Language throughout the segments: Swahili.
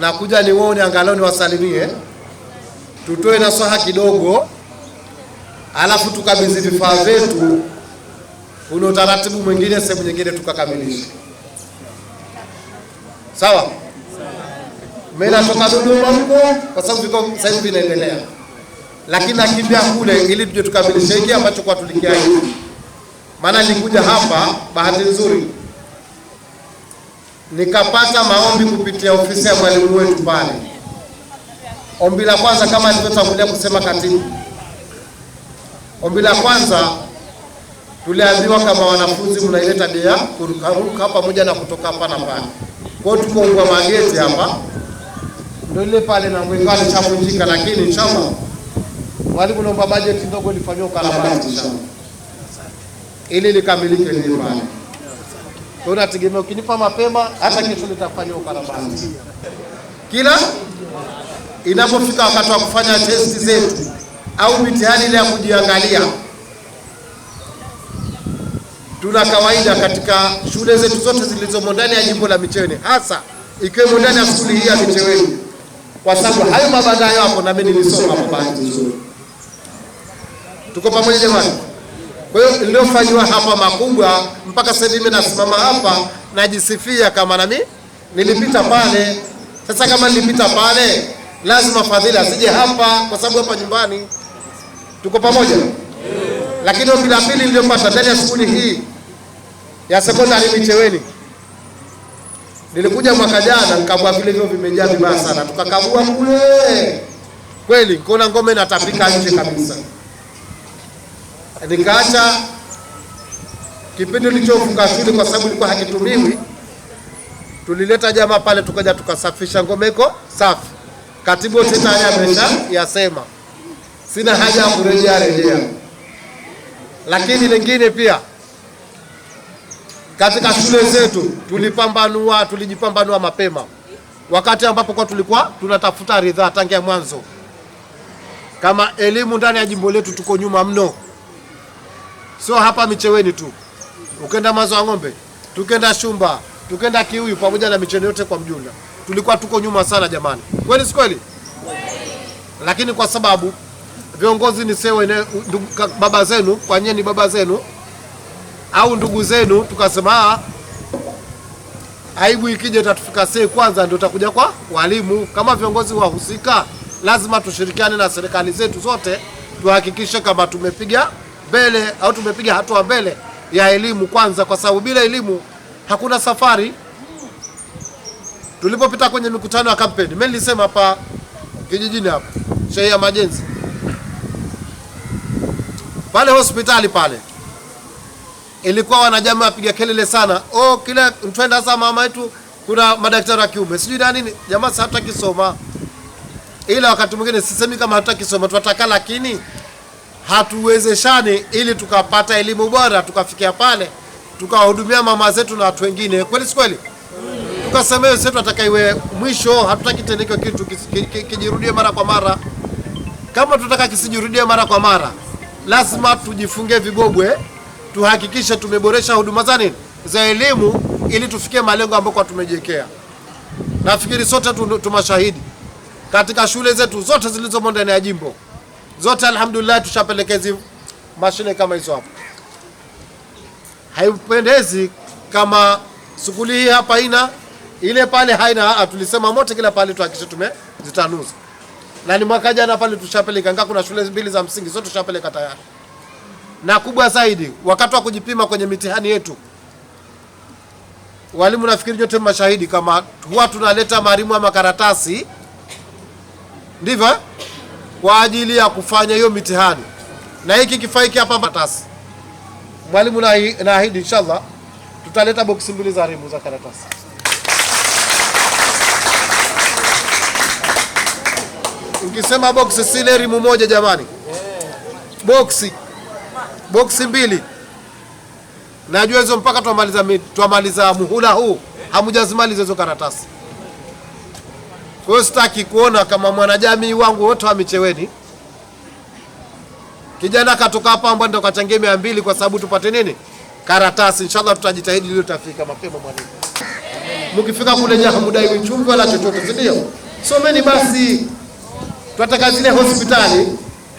nakuja niwone angalau niwasalimie, tutoe nasaha kidogo, alafu tukabidhi vifaa vyetu. Kuna utaratibu mwingine sehemu nyingine tukakamilisha. Sawa, mimi natoka Dodoma huko, kwa sababu viko sasa hivi vinaendelea, lakini nakimbia kule ili tuje tukamilishe hiki ambacho kwa tulikiaje, maana nilikuja hapa bahati nzuri nikapata maombi kupitia ofisi ya mwalimu wetu pale. Ombi la kwanza kama alivyotangulia kusema katibu, ombi la kwanza tuliambiwa kama wanafunzi mnaileta tabia kurukaruka pamoja na kutoka hapa na pale. Kwa hiyo tukaungwa mageti hapa ndio ile pale na mwingine chapujika, lakini chama mwalimu naomba bajeti ndogo lifanywe ukarabati ili likamilike lile pale kwa hiyo nategemea ukinipa mapema, hata kesho nitafanya ukarabati. Kila inapofika wakati wa kufanya testi zetu au mitihani ile ya kujiangalia, tuna kawaida katika shule zetu zote zilizomo ndani ya jimbo la Micheweni, hasa ikiwemo ndani ya shule hii ya Micheweni, kwa sababu hayo mabanda hayo hapo, na mimi nilisoma mabanda. Tuko pamoja jamani? Kwa hiyo niliyofanyiwa hapa makubwa, mpaka sasa hivi nasimama hapa najisifia kama nami nilipita pale. Sasa kama nilipita pale, lazima Fadhili asije hapa, kwa sababu hapa nyumbani tuko pamoja. Lakini ombi la pili niliyopata ndani ya shughuli hii ya sekondari Micheweni, nilikuja mwaka jana, nikavua vile hivyo vimejaa vibaya sana, tukakagua kule kweli, kuna ngome inatapika nje kabisa nikaacha kipindi nilichofunga shule kwa sababu ilikuwa hakitumiwi. Tulileta jamaa pale, tukaja tukasafisha ngome, iko safi. Katibu wote haya amesha yasema, sina haja ya kurejea rejea. Lakini lingine pia katika shule zetu tulipambanua, tulijipambanua mapema wakati ambapo kwa tulikuwa tunatafuta ridhaa tangia mwanzo. Kama elimu ndani ya jimbo letu tuko nyuma mno sio hapa Micheweni tu, ukenda Maziwa Ng'ombe, tukenda Shumba, tukenda Kiuyu, pamoja na Micheweni yote kwa mjumla, tulikuwa tuko nyuma sana jamani, kweli si kweli? Lakini kwa sababu viongozi ni sewe, baba zenu kwa nyie ni baba zenu au ndugu zenu, tukasema ah, aibu ikija itatufika sei kwanza, ndio takuja kwa walimu. Kama viongozi wahusika, lazima tushirikiane na serikali zetu zote, tuhakikishe kama tumepiga mbele au tumepiga hatua mbele ya elimu kwanza, kwa sababu bila elimu hakuna safari. Tulipopita kwenye mikutano ya kampeni, mimi nilisema hapa kijijini hapa Shehe ya Majenzi pale hospitali pale, ilikuwa wanajama wapiga kelele sana, oh, kila twenda sasa, mama yetu kuna madaktari wa kiume sijui na nini. Jamaa hatutaki soma, ila wakati mwingine sisemi kama hatutaki soma, tunataka lakini hatuwezeshane ili tukapata elimu bora, tukafikia pale tukawahudumia mama zetu na watu wengine, kweli si kweli? Tukasamehe wenzetu atakaiwe mwisho, hatutaki tena kitu kijirudie mara kwa mara. Kama tunataka kisijirudie mara kwa mara, lazima tujifunge vibobwe, tuhakikishe tumeboresha huduma za nini, za elimu, ili tufikie malengo ambayo kwa tumejiwekea. Nafikiri sote tumashahidi katika shule zetu zote zilizomo ndani ya jimbo zote alhamdulillah, tushapelekezi mashine kama hizo hapo. Haipendezi kama sukuli hii hapa ina ile pale haina. Ah, tulisema moto kila pale tuhakikishe tumezitanuza, na ni mwaka jana pale tushapeleka nga, kuna shule mbili za msingi zote tushapeleka tayari, na kubwa zaidi, wakati wa kujipima kwenye mitihani yetu walimu nafikiri nyote mashahidi, kama huwa tunaleta marimu ama karatasi, ndivyo eh? kwa ajili ya kufanya hiyo mitihani, na hiki kifaa hiki hapa karatasi. Mwalimu naahidi inshallah tutaleta boksi mbili za rimu za karatasi. Ukisema boksi sile rimu moja, jamani, boksi boksi mbili. Najua hizo mpaka twamaliza twamaliza muhula huu hamujazimaliza hizo karatasi. Kwa hiyo sitaki kuona kama mwanajamii wangu wote wa Micheweni, kijana katoka hapa ambaye ndio kachangia mia mbili kwa sababu tupate nini karatasi. Inshallah tutajitahidi ili tutafika mapema mwalimu. Mkifika kule hamudai mchumvi wala chochote, si ndio? Someni basi, tunataka zile hospitali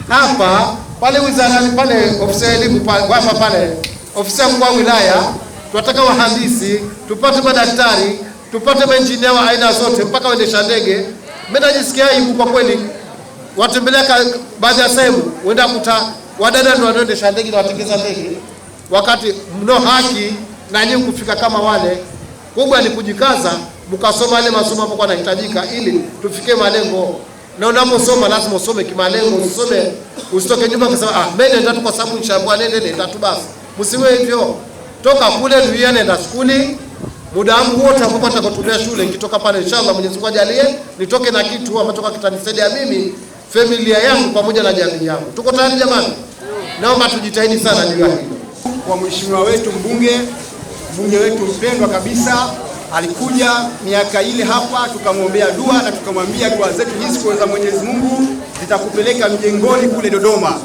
hapa pale wizarani pale ofisi ya elimu hapa pale ofisi ya mkuu wa wilaya, tunataka wahandisi tupate madaktari tupate maengineer wa aina zote mpaka waendesha ndege. Mimi najisikia aibu kwa kweli, watembelea baadhi ya sehemu, uenda kuta wadada ndio wanaoendesha ndege na watengeza ndege, wakati mno haki na nyinyi kufika kama wale. Kubwa ni kujikaza, mkasoma yale masomo ambayo yanahitajika ili tufikie malengo. Na unaposoma lazima usome kimalengo, usome usitoke nyumba kusema ah, mimi nenda tu kwa sababu nishambwa, nende nenda tu basi. Msiwe hivyo, toka kule dunia, nenda shule muda wangu wote ambapo nitakapotumia shule, nikitoka pale inshallah, Mwenyezi Mungu ajalie nitoke na kitu ambacho kitanisaidia mimi, familia yangu pamoja na jamii yangu. Tuko tayari jamani? Naomba tujitahidi sana juu ya hilo. Kwa mheshimiwa wetu mbunge, mbunge wetu mpendwa kabisa, alikuja miaka ile hapa, tukamwombea dua na tukamwambia dua zetu hizi kwa Mwenyezi Mungu zitakupeleka mjengoni kule Dodoma,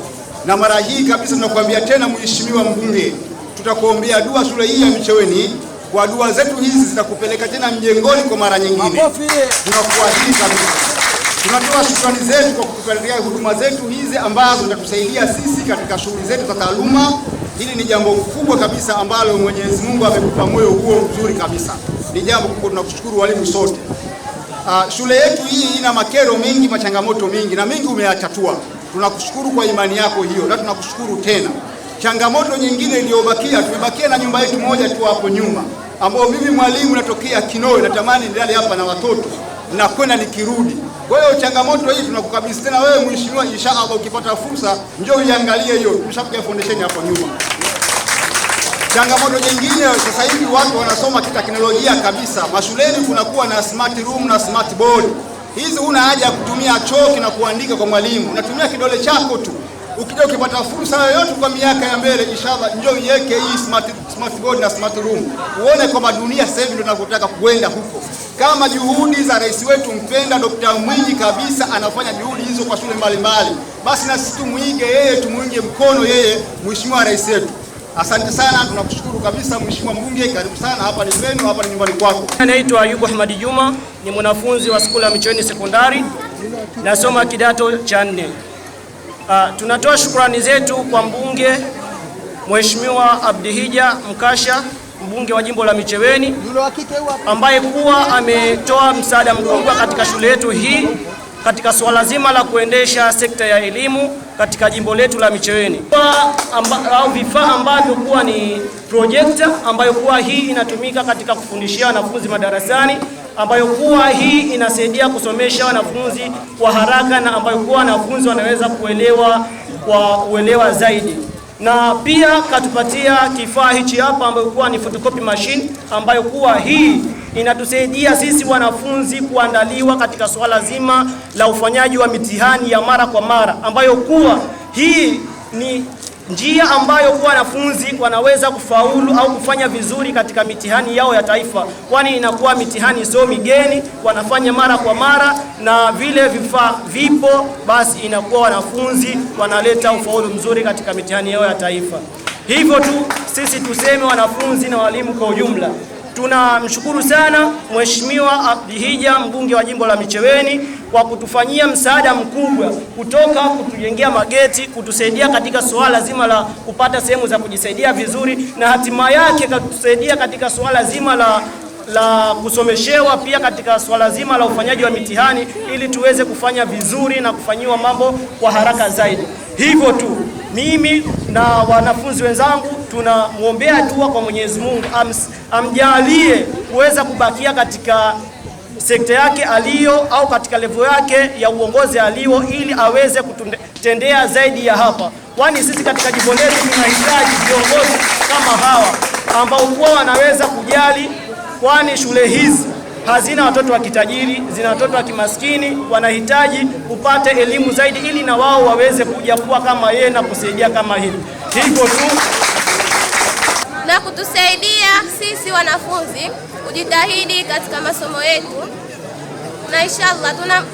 na mara hii kabisa tunakuambia tena, mheshimiwa mbunge, tutakuombea dua shule hii ya Micheweni kwa dua zetu hizi zitakupeleka tena mjengoni kwa mara nyingine. Tunakuahidi kabisa. Tunatoa shukrani zetu kwa kutupatia huduma zetu hizi ambazo zitatusaidia sisi katika shughuli zetu za taaluma. Hili ni jambo kubwa kabisa ambalo Mwenyezi Mungu amekupa moyo huo mzuri kabisa, ni jambo kubwa. Tunakushukuru walimu sote. Uh, shule yetu hii ina makero mengi, machangamoto mengi na mengi umeyatatua. Tunakushukuru kwa imani yako hiyo, na tunakushukuru tena. Changamoto nyingine iliyobakia, tumebakia na nyumba yetu moja tu hapo nyuma ambao mimi mwalimu natokea Kinoe, natamani nilale hapa na watoto na kwenda nikirudi. Kwa hiyo changamoto hii tunakukabidhi tena wewe mheshimiwa, inshaallah ukipata fursa njoo uiangalie hiyo, tushapiga foundation hapo nyuma. Changamoto nyingine sasa hivi watu wanasoma kiteknolojia kabisa, mashuleni kunakuwa na smart room na smart board. Hizi una haja ya kutumia choki na kuandika kwa mwalimu, unatumia kidole chako tu Ukija ukipata fursa yoyote kwa miaka ya mbele, inshallah njoo iweke hii smart smart board na smart room, uone kwamba dunia sasa hivi ndio tunavyotaka kuenda huko, kama juhudi za rais wetu mpenda Dr. Mwinyi kabisa, anafanya juhudi hizo kwa shule mbalimbali, basi na sisi tumwige yeye, tumuinge mkono yeye, mheshimiwa rais wetu. Asante sana, tunakushukuru kabisa mheshimiwa mbunge, karibu sana. Hapa ni kwenu, hapa ni nyumbani kwako. Naitwa Ayubu Ahmadi Juma, ni mwanafunzi wa skuli ya Micheweni Sekondari, nasoma kidato cha nne. Uh, tunatoa shukrani zetu kwa mbunge Mheshimiwa Abdihija Mkasha, mbunge wa jimbo la Micheweni, ambaye kuwa ametoa msaada mkubwa katika shule yetu hii katika suala zima la kuendesha sekta ya elimu katika jimbo letu la Micheweni amba, au vifaa ambavyo kuwa ni projekta ambayo kuwa hii inatumika katika kufundishia wanafunzi madarasani ambayo kuwa hii inasaidia kusomesha wanafunzi kwa haraka na ambayo kuwa wanafunzi wanaweza kuelewa kwa uelewa zaidi, na pia katupatia kifaa hichi hapa ambayo kuwa ni photocopy machine ambayo kuwa hii inatusaidia sisi wanafunzi kuandaliwa katika suala zima la ufanyaji wa mitihani ya mara kwa mara ambayo kuwa hii ni Njia ambayo kuwa wanafunzi wanaweza kufaulu au kufanya vizuri katika mitihani yao ya taifa, kwani inakuwa mitihani sio migeni, wanafanya mara kwa mara na vile vifaa vipo, basi inakuwa wanafunzi wanaleta ufaulu mzuri katika mitihani yao ya taifa. Hivyo tu sisi tuseme wanafunzi na walimu kwa ujumla tunamshukuru sana Mheshimiwa Abdihija, mbunge wa jimbo la Micheweni kwa kutufanyia msaada mkubwa kutoka kutujengea mageti, kutusaidia katika suala zima la kupata sehemu za kujisaidia vizuri, na hatima yake katusaidia katika suala zima la la kusomeshewa pia katika swala zima la ufanyaji wa mitihani ili tuweze kufanya vizuri na kufanyiwa mambo kwa haraka zaidi. Hivyo tu mimi na wanafunzi wenzangu tunamwombea dua kwa Mwenyezi Mungu amjalie kuweza kubakia katika sekta yake aliyo au katika levo yake ya uongozi aliyo, ili aweze kutendea zaidi ya hapa, kwani sisi katika jimbo letu tunahitaji viongozi kama hawa ambao kuwa wanaweza kujali, kwani shule hizi hazina watoto wa kitajiri, zina watoto wa kimaskini. Wanahitaji kupata elimu zaidi, ili na wao waweze kuja kuwa kama yeye na kusaidia kama hivi. Hivyo tu na kutusaidia sisi wanafunzi kujitahidi katika masomo yetu, na inshallah tuna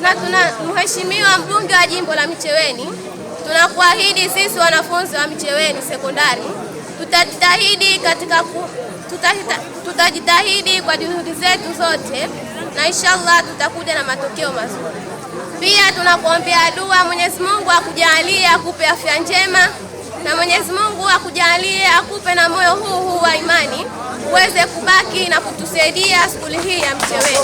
na tuna mheshimiwa mbunge wa jimbo la Micheweni, tunakuahidi sisi wanafunzi wa Micheweni sekondari tutajitahidi katika ku, tutajitahidi kwa juhudi zetu zote, na inshallah tutakuja na matokeo mazuri. Pia tunakuombea dua Mwenyezi Mungu akujalie akupe afya njema na Mwenyezi Mungu akujalie akupe na moyo huu huu wa imani uweze kubaki na kutusaidia skuli hii ya Mcheweni.